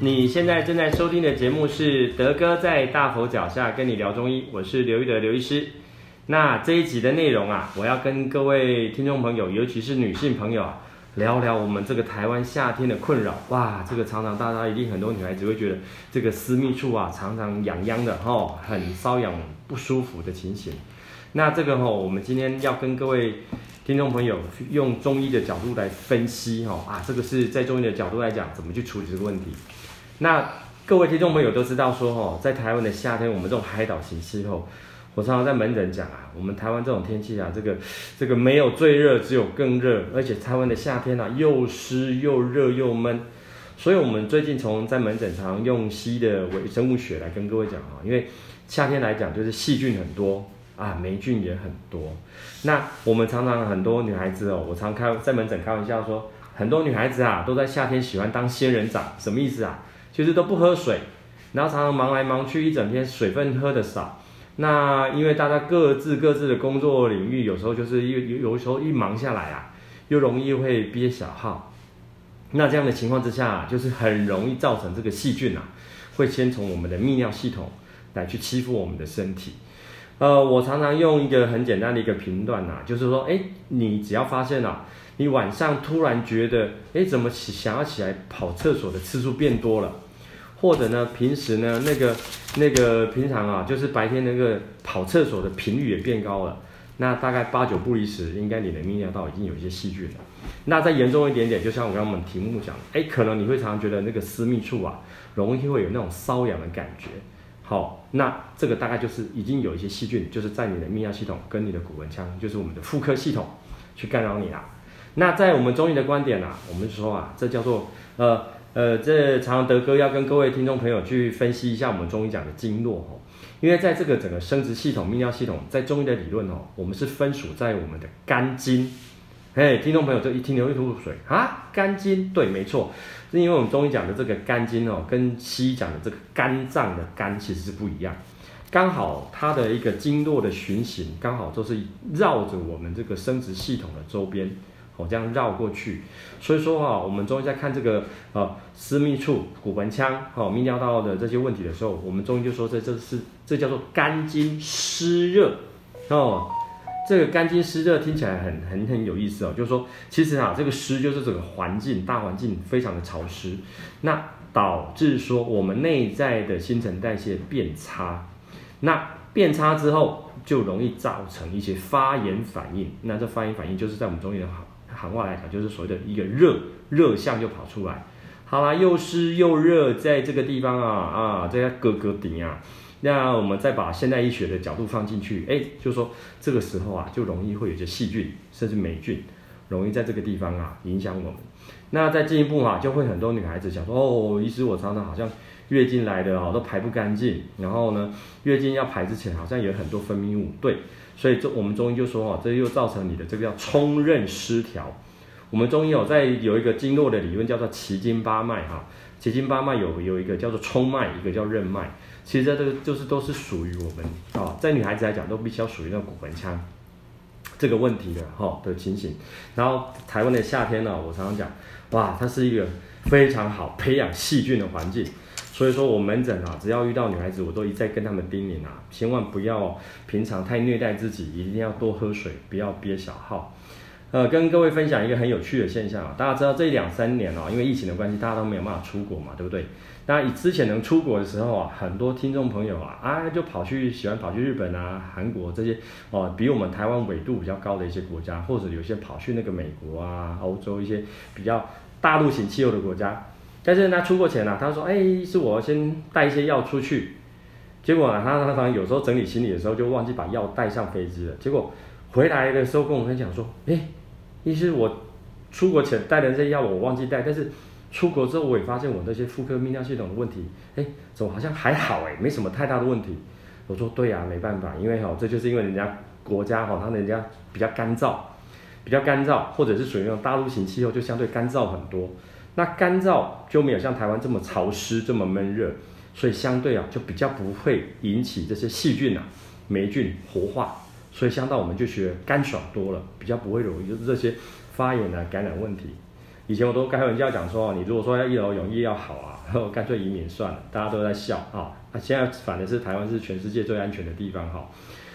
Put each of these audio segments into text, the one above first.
你現在正在收聽的節目是德哥在大佛腳下跟你聊中醫，我是劉玉德劉醫師。那這一集的內容啊，我要跟各位聽眾朋友，尤其是女性朋友啊，聊聊我們這個台灣夏天的困擾。哇，這個常常大家一定很多女孩子會覺得這個私密處啊常常癢癢的哈，很瘙癢不舒服的情形。那這個吼、哦、我們今天要跟各位聽眾朋友，用中醫的角度來分析，哈啊，這個是在中醫的角度來講，怎麼去處理這個問題？那各位聽眾朋友都知道說，哈，在台灣的夏天，我們這種海島型氣候，我常常在門診講啊，我們台灣這種天氣啊，這個這個沒有最熱，只有更熱，而且台灣的夏天呢，又濕又熱又悶，所以我們最近從在門診常常用西醫的微生物學來跟各位講啊，因為夏天來講就是細菌很多。啊，黴菌也很多。那我們常常很多女孩子哦，我常開在門診開玩笑說，很多女孩子啊，都在夏天喜歡當仙人掌，什麼意思啊？其實都不喝水，然後常常忙來忙去一整天，水分喝得少。那因為大家各自各自的工作領域，有時候就是又有時候一忙下來啊，又容易會憋小號。那這樣的情況之下、啊，就是很容易造成這個細菌啊，會先從我們的泌尿系統來去欺負我們的身體。呃，我常常用一個很簡單的一個判斷吶，就是說，哎，你只要發現啊，你晚上突然覺得，哎，怎麼起想要起來跑廁所的次數變多了，或者呢，平時呢那個那個平常啊，就是白天那個跑廁所的頻率也變高了，那大概八九不離十，應該你的泌尿道已經有一些細菌了。那再嚴重一點點，就像我剛剛我們題目講，哎，可能你會常常覺得那個私密處啊，容易會有那種瘙癢的感覺。好，那這個大概就是已經有一些細菌，就是在你的泌尿系統跟你的骨盆腔，就是我們的婦科系統，去干擾你啦。那在我們中醫的觀點吶、啊，我們說啊，這叫做呃呃，這常常德哥要跟各位聽眾朋友去分析一下我們中醫講的經絡哦。因為在這個整個生殖系統、泌尿系統，在中醫的理論哦，我們是分屬在我們的肝經。嘿，聽眾朋友這一聽流一頭霧水啊，肝經，對，沒錯。是因為我們中醫講的這個肝經哦，跟西醫講的這個肝臟的肝其實是不一樣，剛好它的一個經絡的循行剛好都是繞着我們這個生殖系統的周邊，哦，這樣繞過去。所以說啊、哦，我們中醫在看這個啊、呃、私密處、骨盆腔、好、哦、泌尿道、道的這些問題的時候，我們中醫就說這這是這叫做肝經濕熱哦。這個肝經濕熱聽起來很很很有意思哦，就是說，其實啊，這個濕就是整個環境大環境非常的潮濕，那導致說我們內在的新陳代謝變差，那變差之後就容易造成一些發炎反應，那這發炎反應就是在我們中醫的行行話來講，就是所謂的一個熱熱象就跑出來，好啦，又濕又熱，在這個地方啊啊，在哥哥頂啊。那我們再把現代醫學的角度放進去，哎，就說這個時候啊，就容易會有些細菌，甚至霉菌，容易在這個地方啊影響我們。那再進一步啊，就會很多女孩子想說，哦，醫師，我常常好像月經來的哦都排不乾淨，然後呢，月經要排之前好像有很多分泌物，對，所以中我們中醫就說哦、啊，這又造成你的這個叫衝任失調。我們中醫哦，在有一個經絡的理論叫做奇經八脈哈、啊，奇經八脈有有一個叫做衝脈，一個叫任脈。其實這個就是都是屬於我們啊，在女孩子來講都必須要屬於那種骨盆腔這個問題的哈的情形。然後台灣的夏天呢、啊，我常常講，哇，它是一個非常好培養細菌的環境。所以說我門診啊，只要遇到女孩子，我都一再跟她們叮嚀啊，千萬不要平常太虐待自己，一定要多喝水，不要憋小號。呃，跟各位分享一個很有趣的現象啊，大家知道這兩三年啊，因為疫情的關係，大家都沒有辦法出國嘛，對不對？那以之前能出國的時候啊，很多聽眾朋友啊，啊，就跑去喜歡跑去日本啊、韓國這些哦、啊，比我們台灣緯度比較高的一些國家，或者有些跑去那個美國啊、歐洲一些比較大陸型氣候的國家。但是他出國前啊，他說，哎，是我先帶一些藥出去，結果呢、啊，他他他有時候整理行李的時候就忘記把藥帶上飛機了，結果回來的時候跟我分享說，哎。其實我出國前帶了這藥，我忘記帶，但是出國之後，我也發現我那些婦科泌尿系統的問題，哎，怎麼好像還好哎，沒什麼太大的問題。我說對呀、啊，沒辦法，因為哈、哦，這就是因為人家國家哈、哦，他人家比較乾燥，比較乾燥，或者是屬於那種大陸型氣候，就相對乾燥很多。那乾燥就沒有像台灣這麼潮濕、這麼悶熱，所以相對啊，就比較不會引起這些細菌吶、啊、霉菌活化。所以相對我們就覺得乾爽多了，比較不會容易，就是這些發炎啊，感染問題。以前我都開玩笑講說，你如果說要一勞永逸要好啊，乾脆移民算了。大家都在笑啊，那現在反正是台灣是全世界最安全的地方哈。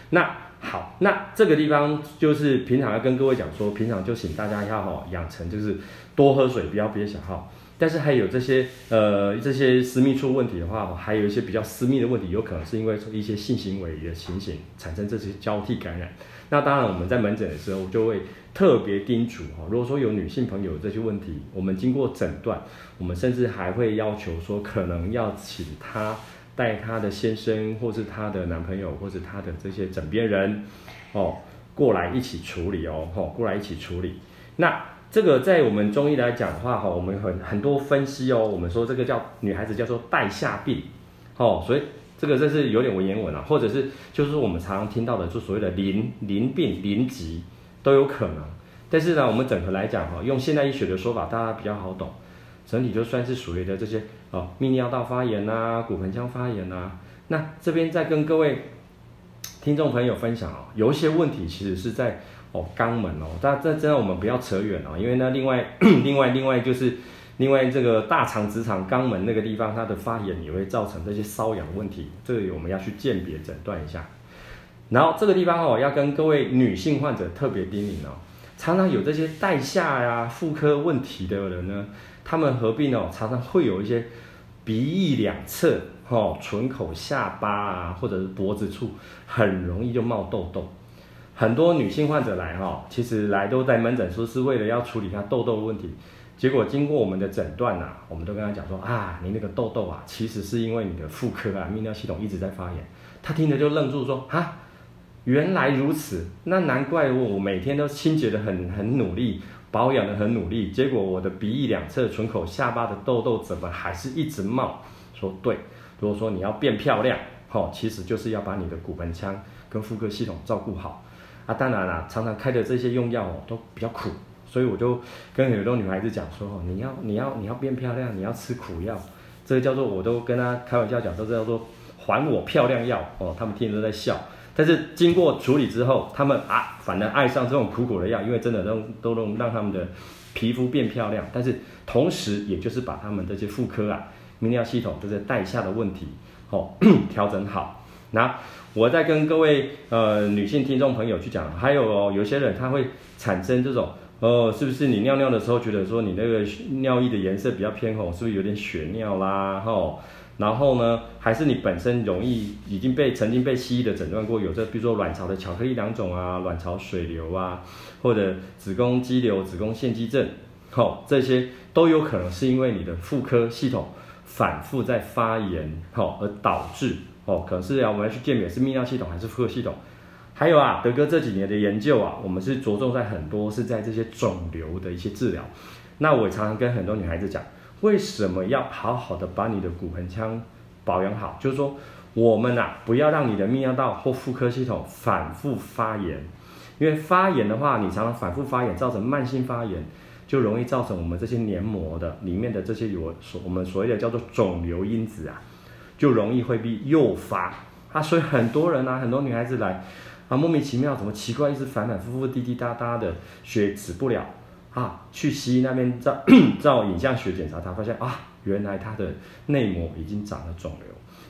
那好，那這個地方就是平常要跟各位講說，平常就請大家要養成就是多喝水，不要憋小號。但是還有這些呃，這些私密處問題的話，還有一些比較私密的問題，有可能是因為一些性行為的情形產生這些交替感染。那當然，我們在門診的時候就會特別叮囑哈，如果說有女性朋友這些問題，我們經過診斷，我們甚至還會要求說，可能要請她帶她的先生，或是她的男朋友，或是她的這些枕邊人，哦，過來一起處理哦，哈、哦，過來一起處理。那。這個在我們中醫來講的話，哈，我們很很多分析哦。我們說這個叫女孩子叫做帶下病，哦，所以這個真是有點文言文啊，或者是就是我們常常聽到的，就所謂的淋淋病淋疾都有可能。但是呢，我們整合來講哈，用現代醫學的說法，大家比較好懂，整體就算是屬於的這些哦，泌尿道發炎吶、啊，骨盆腔發炎吶、啊。那這邊再跟各位聽眾朋友分享哦，有一些問題其實是在。哦，肛門哦，但但真的我們不要扯遠哦，因為呢，另外，另外，另外就是，另外這個大腸、直腸、肛門那個地方，它的發炎也會造成這些瘙癢問題，這裡我們要去鑑別診斷一下。然後這個地方哦，要跟各位女性患者特別叮嚀哦，常常有這些帶下呀、啊、婦科問題的人呢，他們合併哦，常常會有一些鼻翼兩側、哈、哦、唇口、下巴啊，或者是脖子處，很容易就冒痘痘。很多女性患者來哈，其實來都在門診說是為了要處理她痘痘的問題，結果經過我們的診斷吶，我們都跟她講說啊，你那個痘痘啊，其實是因為你的婦科啊泌尿系統一直在發炎。她聽着就愣住說啊，原來如此，那難怪我，我每天都清潔得很很努力，保養得很努力，結果我的鼻翼兩側、唇口、下巴的痘痘怎麼還是一直冒？說對，如果說你要變漂亮，吼，其實就是要把你的骨盆腔跟婦科系統照顧好。啊，當然啦、啊，常常開的這些用藥哦，都比較苦，所以我就跟很多女孩子講說，哦，你要，你要，你要變漂亮，你要吃苦藥，這個叫做，我都跟她開玩笑講，都是叫做還我漂亮藥哦，他們天天都在笑，但是經過處理之後，他們啊，反而愛上這種苦苦的藥，因為真的都都讓讓他們的皮膚變漂亮，但是同時也就是把他們這些婦科啊、泌尿系統這些帶下的問題哦 調整好，那。我再跟各位呃女性聽眾朋友去講，還有、哦、有些人他會產生這種哦、呃，是不是你尿尿的時候覺得說你那個尿液的顏色比較偏紅，是不是有點血尿啦？哦、然後呢，還是你本身容易已經被曾經被西醫的診斷過有這，比如說卵巢的巧克力囊腫啊、卵巢水瘤啊，或者子宮肌瘤、子宮腺肌症，哈、哦，這些都有可能是因為你的婦科系統反復在發炎，哦、而導致。哦，可是呀、啊，我們要去鑑別是泌尿系統還是婦科系統？還有啊，德哥這幾年的研究啊，我們是着重在很多是在這些腫瘤的一些治療。那我常常跟很多女孩子講，為什麼要好好的把你的骨盆腔保養好？就是說，我們啊，不要讓你的泌尿道或婦科系統反復發炎，因為發炎的話，你常常反復發炎，造成慢性發炎，就容易造成我們這些黏膜的裡面的這些有所我們所謂的叫做腫瘤因子啊。就容易會被誘發，啊，所以很多人啊，很多女孩子來，啊，莫名其妙，怎麼奇怪，一直反反复复，滴滴答答的，血止不了，啊，去西醫那邊照照影像學檢查，他發現啊，原來她的內膜已經長了腫瘤。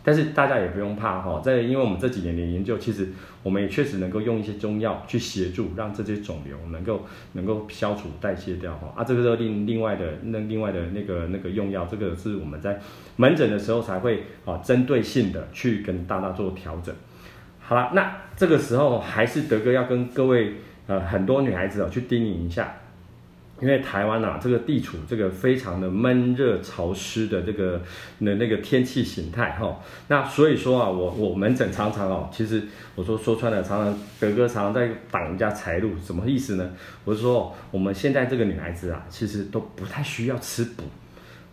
但是大家也不用怕哈，在因為我們這幾年的研究，其實我們也確實能夠用一些中藥去協助，讓這些腫瘤能夠能夠消除、代謝掉哈。啊，這個是另另外的那另外的那個那個用藥，這個是我們在門診的時候才會啊，針對性的去跟大家做調整。好了，那這個時候還是德哥要跟各位呃很多女孩子啊去叮嚀一下。因為台灣啊，這個地處這個非常的悶熱潮濕的這個那那個天氣形態哈、哦，那所以說啊，我我門診常常哦，其實我說說穿了，常常德哥常常在擋人家財路，什麼意思呢？我就說我們現在這個女孩子啊，其實都不太需要吃補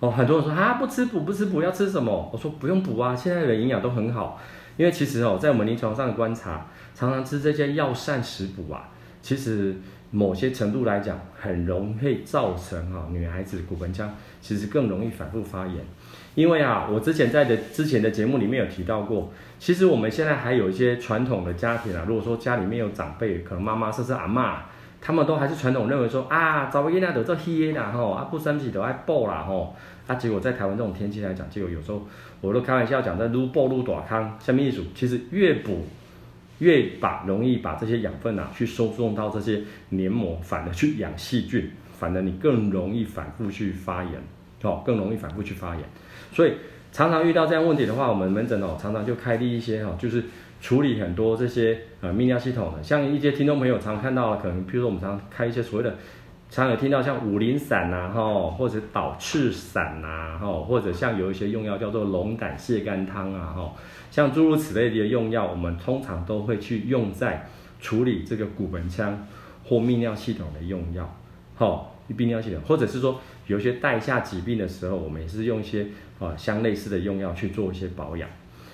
哦。很多人說啊，不吃補，不吃補，要吃什麼？我說不用補啊，現在的營養都很好。因為其實哦，在我們臨床上的觀察，常常吃這些藥膳食補啊，其實。某些程度來講，很容易造成哈女孩子骨盆腔其實更容易反覆發炎，因為啊，我之前在的之前的節目裡面有提到過，其實我們現在還有一些傳統的家庭啊，如果說家裡面有長輩，可能媽媽、甚至阿媽，他們都還是傳統認為說啊，早起呢得做稀的啦吼，阿不身體都愛補啦吼，啊，結果在台灣這種天氣來講，就有時候我都開玩笑講在越補越大孔，下面一組，其實越補。越把容易把這些養分吶、啊、去輸送到這些黏膜，反而去養細菌，反而你更容易反覆去發炎，哦，更容易反覆去發炎。所以常常遇到這樣問題的話，我們門診哦常常就開立一些哈、哦，就是處理很多這些呃泌尿系統的，像一些聽眾朋友常、常看到的可能，譬如說我們常、常開一些所謂的。常有聽到像五苓散吶，或者導赤散吶、啊，或者像有一些用藥叫做龍膽瀉肝湯啊，像諸如此類的用藥，我們通常都會去用在處理這個骨盆腔或泌尿系統的用藥，泌尿系統，或者是說有些帶下疾病的時候，我們也是用一些啊相類似的用藥去做一些保養。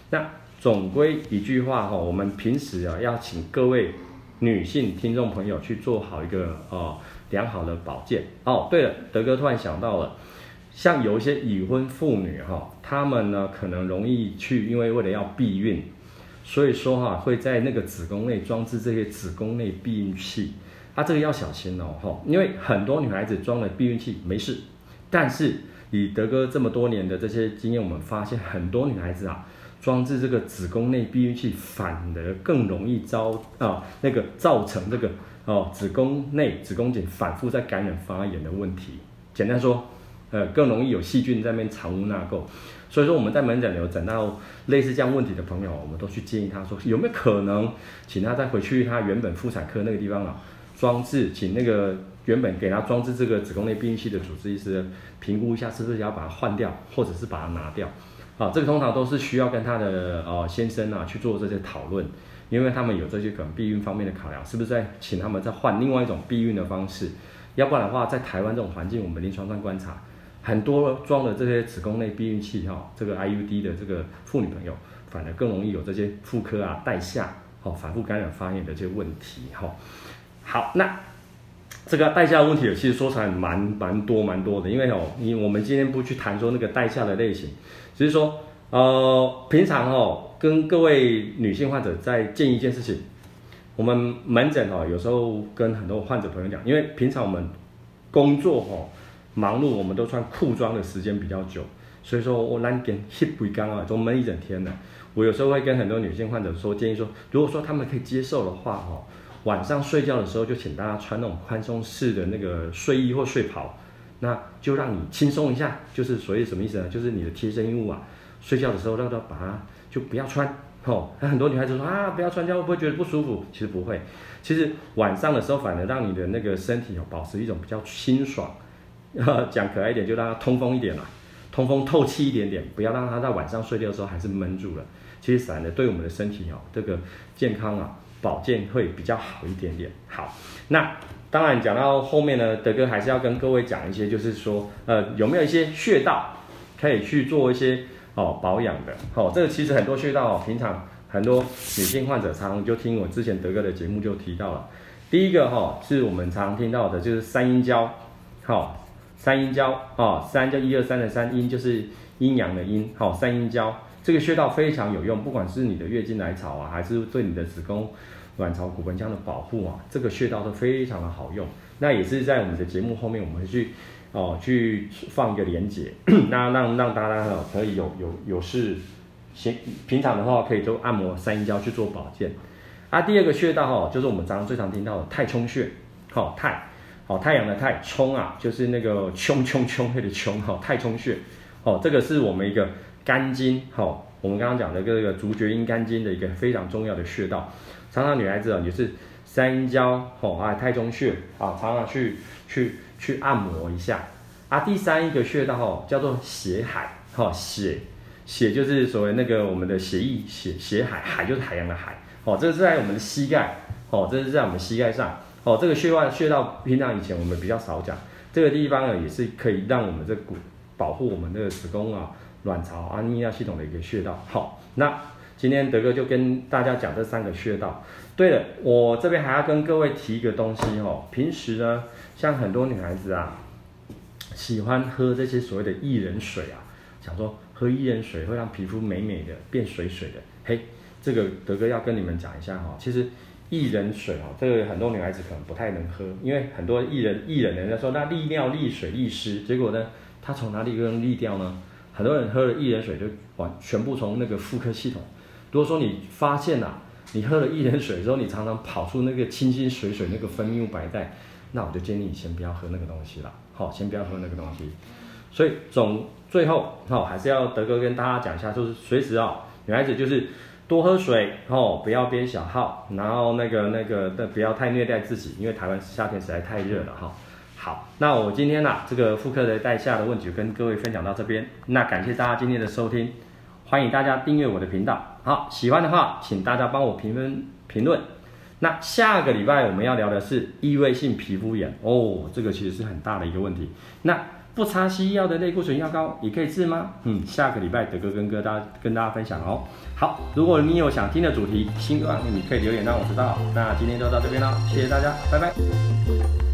那總歸一句話，我們平時啊要請各位女性聽眾朋友去做好一個良好的保健哦，對了，德哥突然想到了，像有一些已婚婦女哈、哦，她們呢可能容易去，因為為了要避孕，所以說哈、啊、會在那個子宮內裝置這些子宮內避孕器，啊這個要小心哦哈、哦，因為很多女孩子裝了避孕器沒事，但是以德哥這麼多年的這些經驗，我們發現很多女孩子啊裝置這個子宮內避孕器反而更容易遭啊那個造成這、那個。哦，子宮內、子宮頸反覆在感染、發炎的問題，簡單說，呃，更容易有細菌在那邊藏污納垢，所以說我們在門診有診到類似這樣問題的朋友，我們都去建議他說，有沒有可能請他再回去他原本婦產科那個地方啊，裝置，請那個原本給他裝置這個子宮內避孕器的主治醫師評估一下，是不是要把它換掉，或者是把它拿掉，啊，這個通常都是需要跟他的哦、呃、先生啊去做這些討論。因為他們有這些可能避孕方面的考量，是不是？在請他們再換另外一種避孕的方式，要不然的話，在台灣這種環境，我們臨床上觀察，很多裝了這些子宮內避孕器哈，這個 IUD 的這個婦女朋友，反而更容易有這些婦科啊帶下哦反覆感染發炎的這些問題哈。好，那這個帶下的問題，其實說起來蠻蠻多蠻多的，因為哦，你我們今天不去談說那個帶下的類型，只是說。呃，平常哦，跟各位女性患者在建議一件事情，我們門診哦，有時候跟很多患者朋友講，因為平常我們工作哦，忙碌，我們都穿褲裝的時間比較久，所以說我難天膝蓋骨幹啊，就、哦、悶一整天了、啊。我有時候會跟很多女性患者說，建議說，如果說她們可以接受的話、哦、晚上睡覺的時候就請大家穿那種寬鬆式的那個睡衣或睡袍，那就讓你輕鬆一下。就是所以什麼意思呢？就是你的貼身衣物啊。睡覺的時候讓它把它就不要穿吼、哦，很多女孩子說啊不要穿，這樣會不會覺得不舒服？其實不會，其實晚上的時候反而讓你的那個身體、哦、保持一種比較清爽。呃、講可愛一點，就讓它通風一點嘛、啊，通風透氣一點點，不要讓它在晚上睡覺的時候還是悶住了。其實反而對我們的身體哦這個健康啊保健會比較好一點點。好，那當然講到後面呢，德哥還是要跟各位講一些，就是說呃有沒有一些穴道可以去做一些。哦，保養的，好、哦，這個其實很多穴道、哦、平常，很多女性患者常、常就聽我之前德哥的節目就提到了，第一個哈、哦、是我們常聽到的就是三陰交，好、哦，三陰交啊，三就一二三的三陰就是陰陽的陰，好、哦，三陰交這個穴道非常有用，不管是你的月經來潮啊，還是對你的子宮、卵巢、骨盆腔的保護啊，這個穴道都非常的好用，那也是在我們的節目後面我們會去。哦，去放一個連接， 那讓讓大家哈可以有有有事先，先平常的話可以都按摩三陰交去做保健，啊，第二個穴道哈就是我們常常最常聽到的太衝穴，好太好太陽的太衝啊，就是那個衝衝衝那個衝哈太衝穴，哦，這個是我們一個肝經哈，我們剛剛講的這個足厥陰肝經的一個非常重要的穴道，常常女孩子哦也是。三陰交，吼、哦、啊太衝穴啊，常常去去去按摩一下啊。第三一個穴道，吼、哦、叫做血海，吼、哦、就是所謂那個我們的血液血，血海海就是海洋的海，吼、哦、這是在我們的膝蓋，吼、哦、這是在我們的膝蓋上，哦，這個穴位穴道平常以前我們比較少講，這個地方呢也是可以讓我們這骨保護我們這個子宮啊卵巢啊泌尿系統的一個穴道。好、哦，那。今天德哥就跟大家講這三個穴道。對了，我這邊還要跟各位提一個東西吼，平時呢，像很多女孩子啊，喜歡喝這些所謂的薏仁水啊，想說喝薏仁水會讓皮膚美美的，變水水的。嘿，這個德哥要跟你們講一下哈。其實薏仁水哈，這個很多女孩子可能不太能喝，因為很多薏仁薏仁，人家說那利尿利水利濕，結果呢，它從哪裡又能利掉呢？很多人喝了薏仁水就完，全部從那個婦科系統。如果說你發現啦、啊，你喝了一點水之後，你常常跑出那個清清水水那個分泌物白帶，那我就建議你先不要喝那個東西了。好、哦，先不要喝那個東西。所以總最後好、哦，還是要德哥跟大家講一下，就是隨時啊、哦，女孩子就是多喝水，哈、哦，不要憋小號，然後那個那個但不要太虐待自己，因為台灣夏天實在太熱了，哈、哦。好，那我今天吶、啊、這個婦科的帶下的問題跟各位分享到這邊，那感謝大家今天的收聽，歡迎大家訂閱我的頻道。好，喜歡的話，請大家幫我評分評論。那下個禮拜我們要聊的是異位性皮膚炎哦，這個其實是很大的一個問題。那不擦西藥的類固醇藥膏你可以治嗎？嗯，下個禮拜德哥跟哥大家跟大家分享哦。好，如果你有想聽的主題、新歌，那你可以留言讓我知道。那今天就到這邊了，謝謝大家，拜拜。